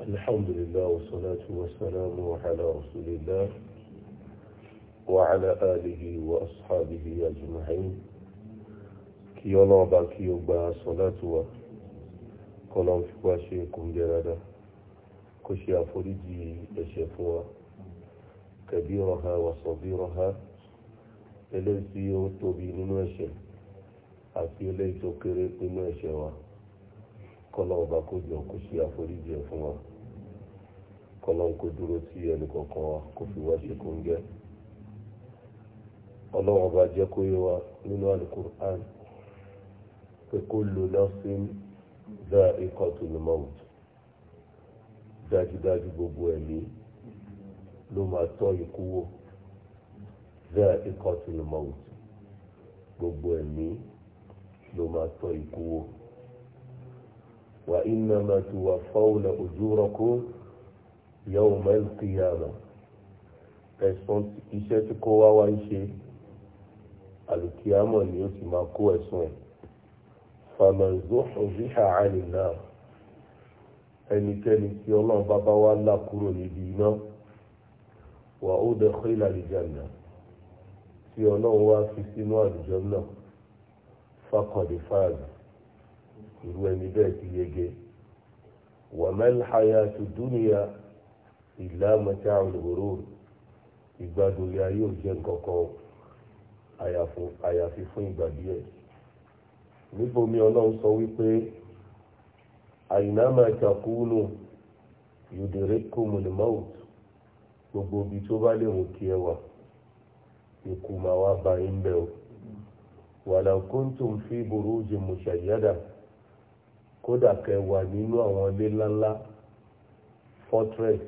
الحمد لله والصلاة والسلام على رسول الله وعلى آله وأصحابه أجمعين kí ọlọ́run bá kí ó gba sọ́látù wa kọ́lọ́n fi wá ṣe kúnjẹ́ rárá kó ṣe àforíjì ẹ̀ṣẹ̀ fún wa kẹ̀bí ọ̀ha wàsọ̀bí ọ̀ha eléyìí tí ó tóbi nínú ẹ̀ṣẹ̀ àti eléyìí tó kéré nínú ẹ̀ṣẹ̀ wa kọ́lọ́ ọba kó jọ kó ṣe àforíjì ẹ̀ fún wa kọ́lọ́ kó dúró sí ẹnì kọ̀ọ̀kan wa kó fi wá ṣe kó ń gẹ́ ọlọ́run ọba jẹ́ kó yé wa nínú alukur'an pé kó lo lọ́sìn dá ikọ̀ tó lè mọ̀ wùtù dájúdájú gbogbo ẹ̀mí ló máa tọ́ ikú wò dá ikọ̀ tó lè mọ̀ gbogbo ẹ̀mí ló máa tọ́ ikú wò wà innama tuwaffawna ujurakum yawmal qiyamah ẹ̀sán iṣẹ́ tí kò wá wá ń ṣe alùkìyàmọ̀ ni ó ti máa kó ẹ̀sùn ẹ̀ faman zuhziha 'anil nar ẹnikẹ́ni tí ọlọ́run bá bá wá là kúrò níbi iná wà ó udkhila al-janna tí ọlọ́run wá fi sínú àlùjọ náà faqad faz irú ẹni bẹ́ẹ̀ ti yege wa mal hayatu dunya illa mata'ul ghurur ìgbádùn ilé ayé ò jẹ́ nǹkan kan àyàfi fún ìgbà díẹ̀ níbomi ọlọ́run sọ wípé aynama takunu yudrikkumul maut gbogbo ibi tó bá lè mú kí ẹ wà ikú máa bá yín bẹ́ẹ̀ o walaw kuntum fi burujin kódà kẹ́ wà nínú àwọn ilé ńláńlá fortress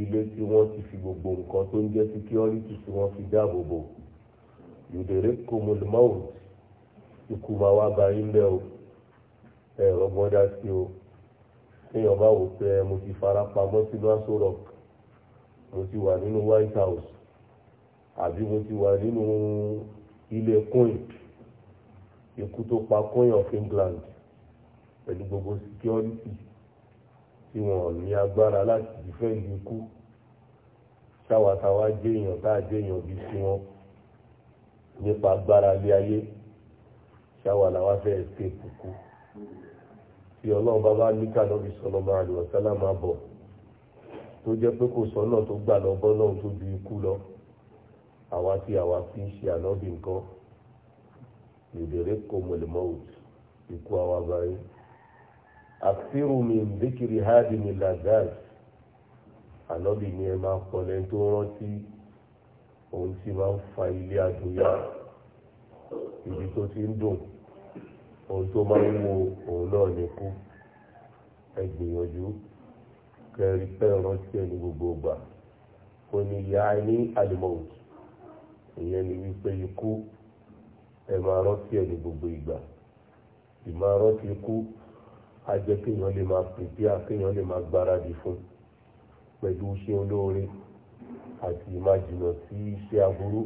ilé tí wọ́n ti fi gbogbo nǹkan tó ń jẹ́ security tí wọ́n fi dáàbò bò yòdèrè kòmùlùmáwò ikú máa wá ba yín lẹ́ o ẹ̀rọ gbọ́dá sí o téèyàn bá wò pé mo ti fara pamọ́ sínú aṣọ rock mo ti wà nínú white house àbí mo ti wà nínú ilé coin ikú tó pa coin of england pẹ̀lú gbogbo síkíọ́rìtì tí wọ́n ní agbára láti dìfẹ́ ìlú kú táwàtáwà jẹ́yàn tá jẹ́yàn bí sí wọn nípa agbára lé ayé ṣáwàláwà fẹ́ ẹ̀skéèpù kú tí ọlọ́run bá bá ní kàlọ́bì sọ̀nà máa lò ọ̀sálà máa bọ̀ tó jẹ́ pé kò sọ́nà tó gbà lọ́bọ́ náà tó ju ikú lọ àwa tí àwa fi ń ṣe ànábì nǹkan lè bèrè kò mọ̀lẹ́mọ́wò ikú àwa báyìí àfihàn mi bíkiri hádi mi làgàd ànábì ni ẹ máa pọ̀ lẹ́ni tó rántí ohun tí máa ń fa ilé adúyá ibi tó ti ń dùn ohun tó máa ń wo òun náà ní kú ẹ gbìyànjú kẹrin pẹ́ rántí ẹni gbogbo gbà ó ní ya ní alimọ̀t ìyẹn ni wípé ikú ẹ máa rántí ẹni gbogbo ìgbà ìmáa rántí ikú a jẹ́ kéèyàn lè máa pèpéà kéèyàn lè máa gbáradì fún pẹ̀lú iṣẹ́ olóore àti máa jìnnà sí iṣẹ́ aburú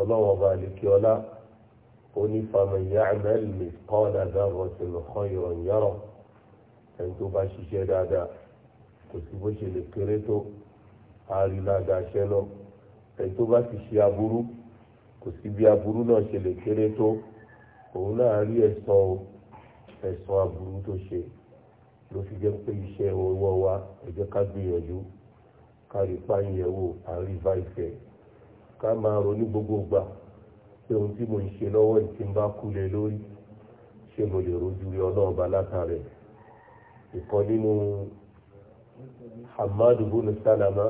ọlọ́wọ́n ọba àlekí ọlá onífàmì ya'mal mithqala dharratin khayran yara ẹni tó bá ṣiṣẹ́ dáadáa kò sí bó ṣe lè kéré tó àrílàdà ṣẹ́ lọ ẹni tó bá ti ṣe aburú kò sí bí aburú náà ṣe lè kéré tó òun náà rí ẹ̀san o ẹ̀san aburú tó ṣe ló fi jẹ́ pé iṣẹ́ ọwọ́ wa ẹ jẹ́ ká gbìyànjú ká rí páyẹ̀wò àríwá ìfẹ́ ká máa ronú gbogbo gbà pé ohun tí mo ń ṣe lọ́wọ́ ìtí ń bá kú lé lórí ṣé mo lè rojú rí ọlọ́ọ̀ba látàrẹ̀ ìkan nínú hamadu bonu salama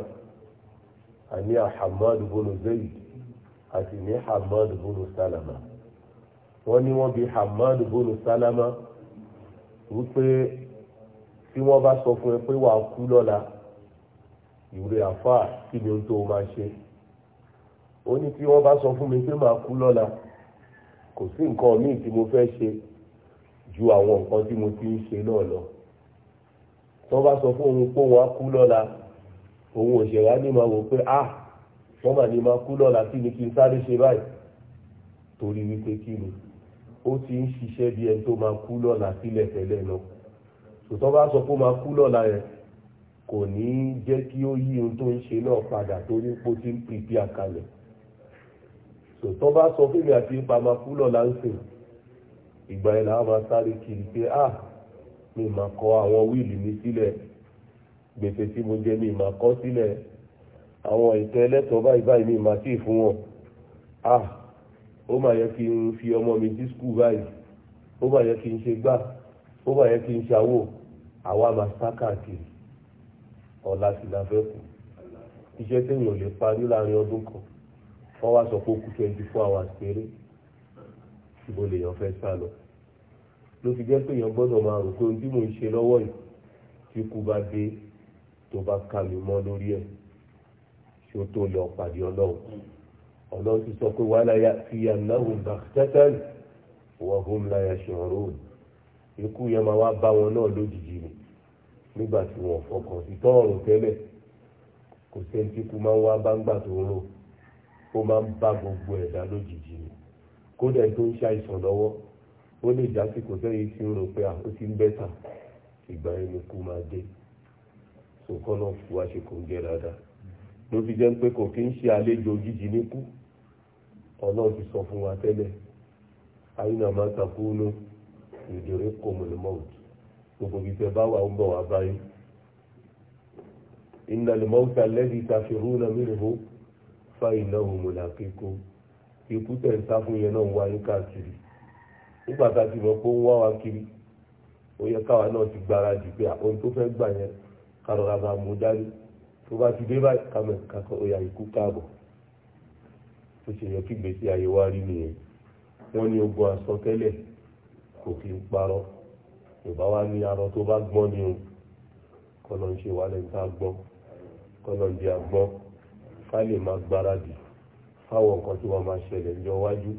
àní hamadu bonu zayd àti ní hamadu bonu salama wọ́n ní wọ́n bí hamadu bonu salama wípé tí wọ́n bá sọ fún ẹ pé wàá kú lọ́la ìwúre àfáà kí ni ohun tó máa ṣe ó ní tí wọ́n bá sọ fún mi pé màá kú lọ́la kò sí nǹkan míì tí mo fẹ́ ṣe ju àwọn nǹkan tí mo ti ń ṣe náà lọ tí wọ́n bá sọ fún òun pé òun á kú lọ́la òun òṣèré á ní máa wò pé ah wọ́n mà ní máa kú lọ́la kí ni kí n sáré ṣe báyìí torí wípé kí ni ó ti ń ṣiṣẹ́ bí ẹni tó máa kú lọ́la sílẹ̀ tẹ́lẹ̀ lọ tòtọ́ bá sọ pé ó máa kú lọ́la yẹn kò ní jẹ́ kí ó yí ohun tó ń ṣe náà padà torí pé ó ti ń pèpè àkàlẹ̀ bá sọ mi àti mi máa kọ àwọn wíìlì mi sílẹ̀ gbèsè mo jẹ mi máa kọ sílẹ̀ àwọn ẹlẹ́tọ̀ọ́ báyìí báyìí mi máa tì fún wọn ah, ó mà yẹ kí n fi ọmọ mi sí skul báyìí ó mà yẹ kí n ṣe gbà ó mà yẹ kí n ṣàwò àwa máa sá káàkiri ọ̀la sì la fẹ́ kù iṣẹ́ téèyàn lè parí láàrin ọdún kan wọ́n wá sọ pé ó kù twenty four hours péré ìbò lèèyàn fẹ́ sá lọ ló fi jẹ́ pé èèyàn gbọ́dọ̀ máa rò pé ohun tí mò ń ṣe lọ́wọ́ yìí tí kú bá dé tó bá kà mọ́ lórí ẹ̀ ṣó tó lọ pàdé ọlọ́run ọlọ́run ti sọ pé wàhálà yà fi ànáhùn bàtẹ́tẹ́n wọ̀hún láyà ṣòro ikú yẹn máa wá bá wọn náà lójijì ni nígbà tí wọn fọkàn sí tọ́ọ̀rùn tẹ́lẹ̀ kò sẹ́ni tí kú máa ń wá bá ń gbà tó ń rò ó máa ń bá gbogbo ẹ̀dá lójijì ni kódà tó ń ṣàìsàn lọ́wọ́ ó lè jásí kò sẹ́yìn tí ń rò pé ó ti ń bẹ́tà ìgbà yẹn ni kú máa dé sòkànnà fún wa ṣe kò ń jẹ dáadáa ló fi jẹ́ pé kò kí ń ṣe àlejò òjijì ní kú ọlọ́run ti sọ fún wa tẹ́lẹ̀ àyínà máa takúnú ìdòrè kòmùlùmọ́ọ̀t gbogbo ibi tẹ bá wà ń bọ̀ wá báyìí ìnàlùmọ́ọ̀t alẹ́bí ìtafẹ́rú náà mìíràn fa ìnáwó mọ̀làkíkó ikú tẹ̀ ń sá fún yẹn náà ń wáyé káàkiri nígbà tá a ti mọ̀ pé ń wá wa kiri ó yẹ káwa náà ti gbáradì pé ohun tó fẹ́ gbà yẹn kárọ̀ra máa mú dání tó bá ti dé báyìí kàmẹ́ kàkọ́ ó ikú káàbọ̀ tó ṣe yẹ kí gbèsè ayé wa rí nìyẹn wọ́n ní ogun àsọtẹ́lẹ̀ kò kí ń parọ́ ìbá wa ní arọ tó bá gbọ́n ni o kọ́nà ń ṣe wà lẹ́nu tá a gbọ́n kọ́nà ń di agbọ́n ká lè máa gbáradì fáwọn nǹkan tí wọ́n máa ṣẹlẹ̀ ní ọwájú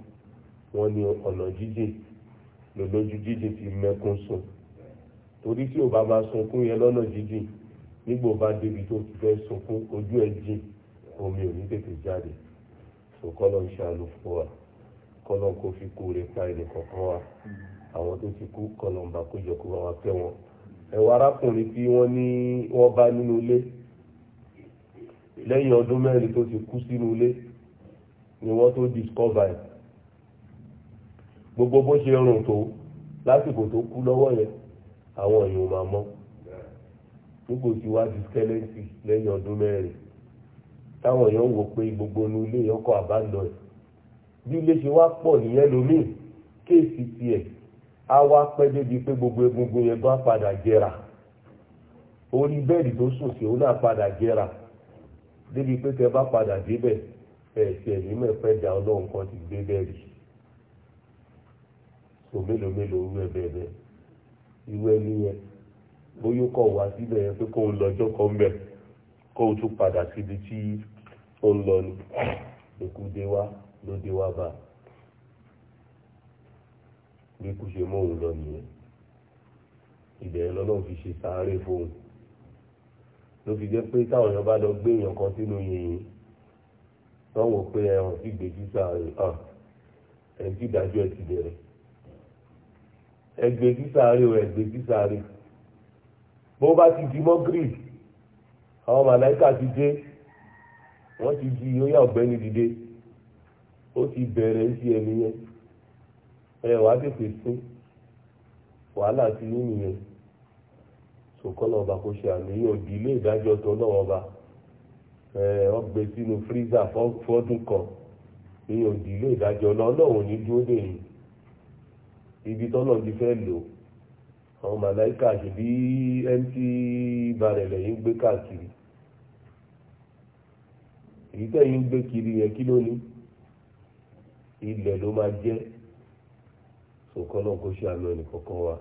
wọ́n ní ọ̀nà jíjìn lòlójú jíjìn fi mẹ́kún sùn torí tí ò máa sunkún yẹn lọ́nà jíjìn nígbò bá débi tó fẹ́ sunkún ojú ẹ̀ jìn omi ò ní tètè jáde so kọ́lọ̀ ń ṣàánú fún wa kọ́lọ̀ kó fi kú rẹ̀ pa ẹnì kọ̀ọ̀kan wa àwọn tó ti kú kọ́lọ̀ ń bá kó jọ kó bá wa fẹ́ wọn. ẹ̀wọ̀ arákùnrin tí wọ́n ní wọ́n bá nínú ilé lẹ́yìn ọdún mẹ́rin tó ti kú sínú ilé ni wọ́n tó discover ẹ̀ gbogbo bó ṣe rùn tó lásìkò tó kú lọ́wọ́ yẹn àwọn èèyàn máa mọ́ nígbò tí wá di skeleton lẹ́yìn ọdún mẹ́rin táwọn èèyàn wò pé gbogbo inú ilé ọkọ̀ àbáńdọ̀ ẹ̀ bí ilé ṣe wá pọ̀ nìyẹn lómi kéèsì tiẹ̀ á wá pẹ́ débi pé gbogbo egungun yẹn gan padà jẹrà orí bẹ́ẹ̀dì tó sùn sí òun náà padà jẹrà débi pé tẹ bá padà débẹ̀ ẹ̀ tiẹ̀ ní mẹ́fẹ́ dà ọlọ́run kan ti gbé bẹ́ẹ̀dì tó mélòó mélòó rú ẹ bẹ́ẹ̀ bẹ́ẹ̀ irú ẹni yẹn bóyá kọ̀ wá síbẹ̀ yẹn pé kóun lọ́jọ́ kan bẹ̀ kóun tún padà síbi tí ó ń lọ ni ikú dé wá ló dé wá bá bí ikú ṣe mọ́ òun lọ nìyẹn ìbẹ̀rẹ̀ lọ́nà fi ṣe sáré fóun ló fi jẹ́ pé táwọn èèyàn bá lọ gbé èèyàn kan sínú yìnyín wọ́n wò pé ẹ̀hàn sì gbèjú sáré hàn ẹ̀ sì dájú ẹ̀ ti bẹ̀rẹ̀ ẹgbẹ́ sísáré o ẹgbẹ́ sísáré bó bá ti di mọ́ gírì àwọn màláìka ti dé wọ́n ti di oyá ọ̀gbẹ́ni dìde ó ti bẹ̀rẹ̀ sí ẹni yẹn ẹ wàá tètè sín wàhálà ti ní nìyẹn sòkòlò ọba kò ṣe àníyàn ìdílé ìdájọ́ tó lọ́wọ́ ọba wọ́n gbé sínú fírísà fọ́dún kan ìyẹn ìdílé ìdájọ́ ọlọ́run ní dúró dè yìí ibi tọ́lọ̀ ti fẹ́ lò àwọn màláìka àti bí ẹ́ńtì balẹ̀ lẹ́yìn gbé káàkiri èyí tẹ́yìn ń gbé kiri yẹn kí ló ní ilẹ̀ ló máa jẹ́ sòkàn náà kó ṣe àmì ẹnìkọ̀ọ̀kan wa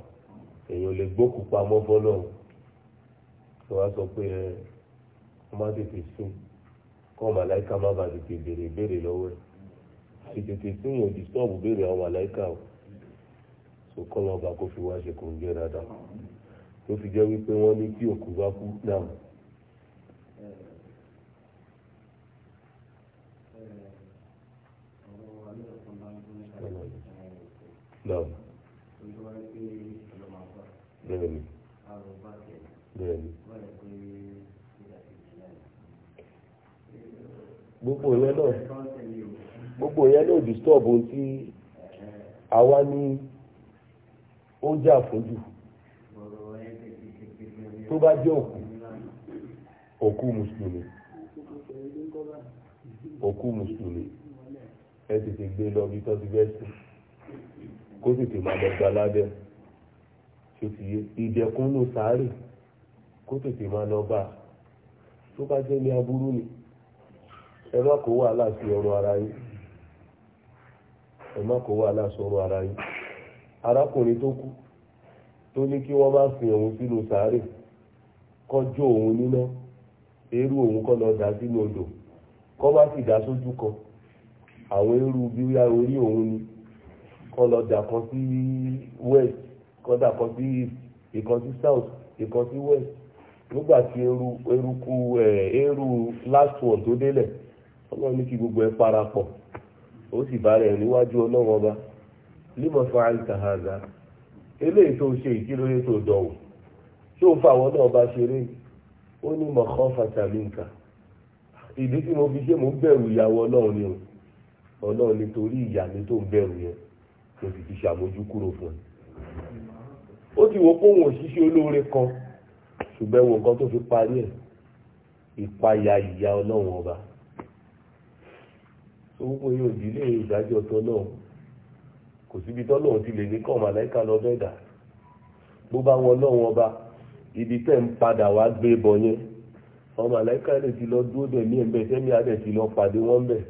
èèyàn lè gbókù pamọ́ fọ́nà tó wá sọ pé ẹ wọ́n má tètè sùn kọ́ màláìka má bàa tètè béèrè béèrè lọ́wọ́ ẹ̀ tètè sùn yóò dìstọ́ọ̀bù béèrè àwọn màláìka o sòkàn náà bá kó fi wá ṣe kò ń jẹ́ dáadáa tó fi jẹ́ wípé wọ́n ní kí òkú bá kú náà. báwo. bẹ́ẹ̀ni bẹ́ẹ̀ni. gbogbo yẹn náà gbogbo yẹn náà disturb ohun tí àwa ní ó jà fojú tó bá jẹ́ òkú òkú mùsùlùmí òkú mùsùlùmí ẹ tètè gbé lọ bí tọ́sí bẹ́ẹ̀ sí kó sì ti máa lọ́gbà lábẹ́ ṣe ti yé ìdẹ̀kúnnú sáré kó tètè máa lọ bá tó bá jẹ́ ní aburú ni ẹ má kó wàhálà sí ọrùn ara yín ẹ má kó wàhálà sí ọrùn ara yín arákùnrin tó kú tó ní kí wọ́n má fi òun sínú sáré kọjọ́ òun níná eérú òun kọ́ lọ dà sínú odò kọ́ bá sì dá sójú kan àwọn eérú bí orí òun ni kan lọ dà kan sí west kan dà kan sí east ìkan sí south ìkan sí west nígbà tí eru eruku ẹ eru last one tó délẹ̀ ọlọ́run ní kí gbogbo ẹ parapọ̀ ó sì bá rẹ̀ níwájú ọlọ́run ọba límọ̀ fún àìsàhàzà eléyìí tó ṣe ìkílóye tó dọ̀wọ̀ ṣé o fa àwọn náà bá ṣeré ó ní mọ̀kán fataminka ìdí tí mo fi ṣe mo bẹ̀rù ìyàwó ọlọ́run ni o ọlọ́run nítorí ìyá mi tó ń bẹ̀rù yẹn mo sì ti ṣàmójúkúrò fún un ó ti wo pé òun òṣìṣẹ́ olóore kan ṣùgbọ́n ẹ̀wọ̀n kan tó fi parí ẹ̀ ìpayà ìyá ọlọ́run ọba tó wípé yóò di ilé ìdájọ́ tọ́lọ́run kò síbi tọ́lọ́run ti lè ní kọ́ màláìka lọ bẹ́ẹ̀ dà bó bá wọn ọlọ́run ọba ibi tẹ́ ń padà wá gbé bọ̀ yẹn ọmọ màláìka lè ti lọ dúró dẹ̀ ní ẹ̀ńbẹ́ sẹ́mi adẹ̀ ti lọ pàdé wọn bẹ̀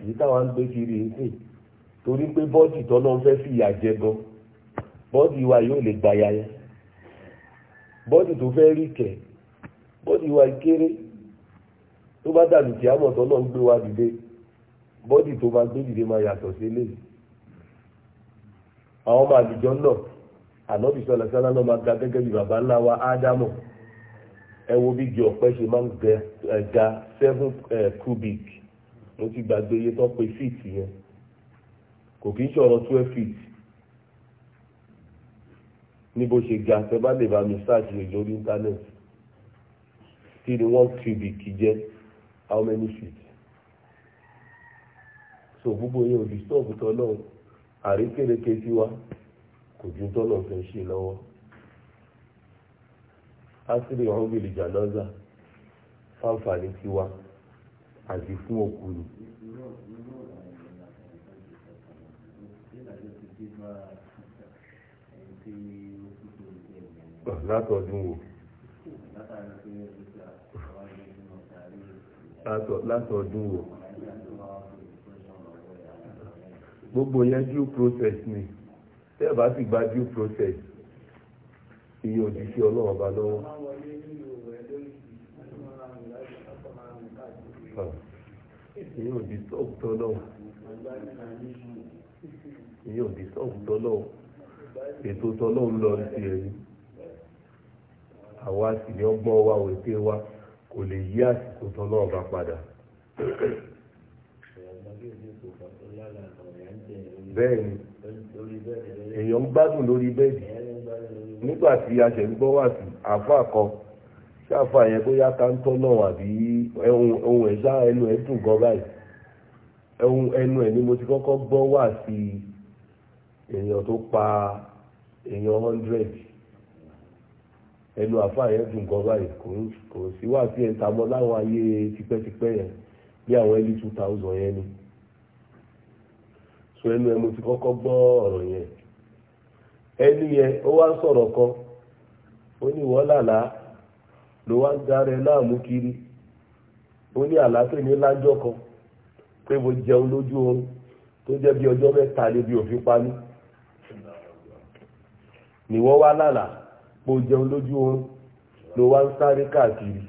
èyí táwọn ń gbé kiri ń sìn torí pé bọ́ọ̀dì tọ́lọ́ ń fẹ́ fìyà jẹ gan bọ́ọ̀dì wa yóò lè gba yaya bọ́ọ̀dì tó fẹ́ rí kẹ̀ bọ́ọ̀dì wa kéré tó bá dàbí kí àmọ̀ tọ́lọ́ ń gbé wa dìde bọ́ọ̀dì tó máa gbé dìde máa yàtọ̀ sí eléyìí àwọn ọmọ àlùjọ náà ànábì sọlá sọlá náà máa ga gẹ́gẹ́ bí bàbá ńlá wa ádámọ̀ ẹ wo bí igi ọ̀pẹ ṣe máa ń ga seven cubic mo ti gbàgbé iye tó pe fíìtì yẹn kò kì í ṣọ̀rọ̀ twelve feet ní bó ṣe ga tẹ bá lè bá mi ṣáàtì rẹ̀ lórí íńtánẹ́ẹ̀tì kí ni one cubic jẹ́ how many feet so gbogbo yẹn ò disturb tọ́lọ́ àríkèrèké tiwa kò ju tọ́lọ̀ fẹ́ ṣe lọ́wọ́ asiri ọ̀húnbìlì jànáza fáǹfààní tiwa àti fún òkú ni. látọ̀dún wo látọ̀dún wo gbogbo yẹn due process ni tẹ́ ẹ̀ bá sì gba due process iye òjíṣẹ́ ọlọ́run ọba lọ́wọ́. iye òjíṣẹ́ ọ̀tọ̀ lọ́wọ́ èyí ò di sọ́ọ̀bù tọ́lọ́hùn ètò tọ́lọ́hùn lọ sí ẹ̀yìn àwa sì ní ọgbọ́n wa òwe wa kò lè yí àsìkò tọ́lọ́hùn bá padà. bẹ́ẹ̀ ni èèyàn ń gbádùn lórí bẹ́ẹ̀dì nígbà tí a ṣẹ̀ ń gbọ́ wà sí àáfàá kan ṣáfà yẹn bóyá káńtọ́ náà àbí ohun ẹ̀ṣá ẹnu ẹ̀ dùn gan báyìí ẹnu ẹ̀ ni mo ti kọ́kọ́ gbọ́ wà sí i èèyàn tó pa èèyàn hundred ẹnu àfa yẹn dùn gan báyìí kò sí wá sí ẹ̀ta mọ́ láwọn ayé tipẹ́tipẹ́ yẹn bí àwọn ẹni two thousand yẹn ni so ẹnu ẹ mo ti kọ́kọ́ gbọ́ ọ̀rọ̀ yẹn ẹni yẹn ó wá sọ̀rọ̀ kan ó ní ìwọ làlá ló wá ń darẹ láàmú kiri ó ní àlàáfíà ní lájọ́ kan pé mo jẹun lójú oorun tó jẹ́ bí ọjọ́ mẹ́ta níbi òfin pa mí nìwọ wá lálàá kó jẹun lójú oorun ló wá ń sáré káàkiri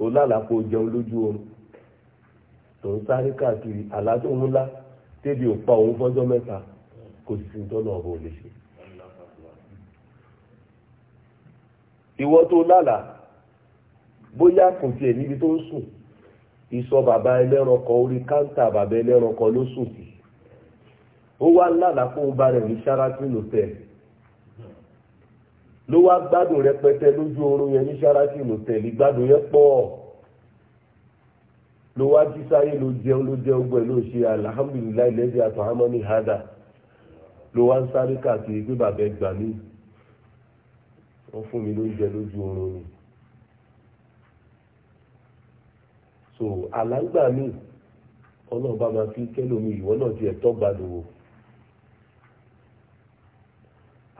ó lálàá kó jẹun lójú oorun tó ń sáré káàkiri àlá tó ń lá tẹ́bi ò pa òun fọ́jọ́ mẹ́ta kò sì ń tọ́nà ọ̀bọ̀ lè ṣe. ìwọ tó lálàá bóyá kò tiẹ̀ níbi tó ń sùn ìsọ bàbá ẹlẹ́ran kan orí káńtà bàbá ẹlẹ́ran kan ló sùn sí ó wá lálàá fún un bá rẹ̀ ní Sheraton hotel ló wá gbádùn rẹpẹtẹ lójú oorun yẹn ní Sheraton hotel ìgbádùn yẹn pọ̀ ló wá jí sáyé ló jẹun ló jẹun gbẹ ló ṣe alhamdulilayi lẹ́dí àtọ̀hámọ́ ní hada ló wá ń sáré káàkiri pé bàbá ẹgbà mí wọ́n fún mi lóúnjẹ lójú oorun ni so àlágbà mi ọlọ́ọ̀bá máa fi kẹ́lómi ìwọ náà ti ẹ̀tọ́ gbàdúrò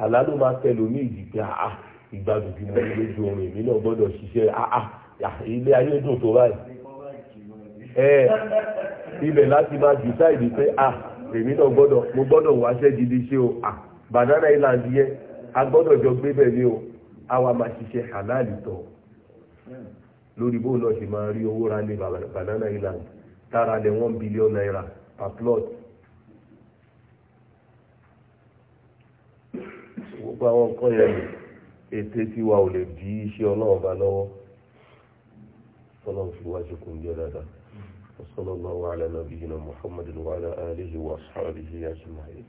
àlá ló máa tẹ̀lé omi ìdìbò àá ah, ah, ìgbàdùn bí mo ní lójú orin mi náà gbọ́dọ̀ ṣiṣẹ́ ah, àá ilé ayé dùn tó báyìí ilẹ̀ láti máa jù sáìdì pé à èmi náà gbọ́dọ̀ mo gbọ́dọ̀ wáṣẹ́ gidi ṣe o à banana island yẹ a gbọ́dọ̀ jọ gbé bẹ̀ ní o a wá máa ṣiṣẹ́ halali tọ̀ lórí bó náà ṣe máa rí owó ra ní banana island tára lẹ̀ one billion naira per plot gbogbo àwọn nǹkan yẹn ètè tiwa ò lè di iṣẹ́ ọlọ́run bá lọ́wọ́ ọlọ́run fi wá ṣe kún jẹ́ dáadáa wa sallallahu ala nabiyyina muhammadin wa ala alihi wa ashabihi ajma'in.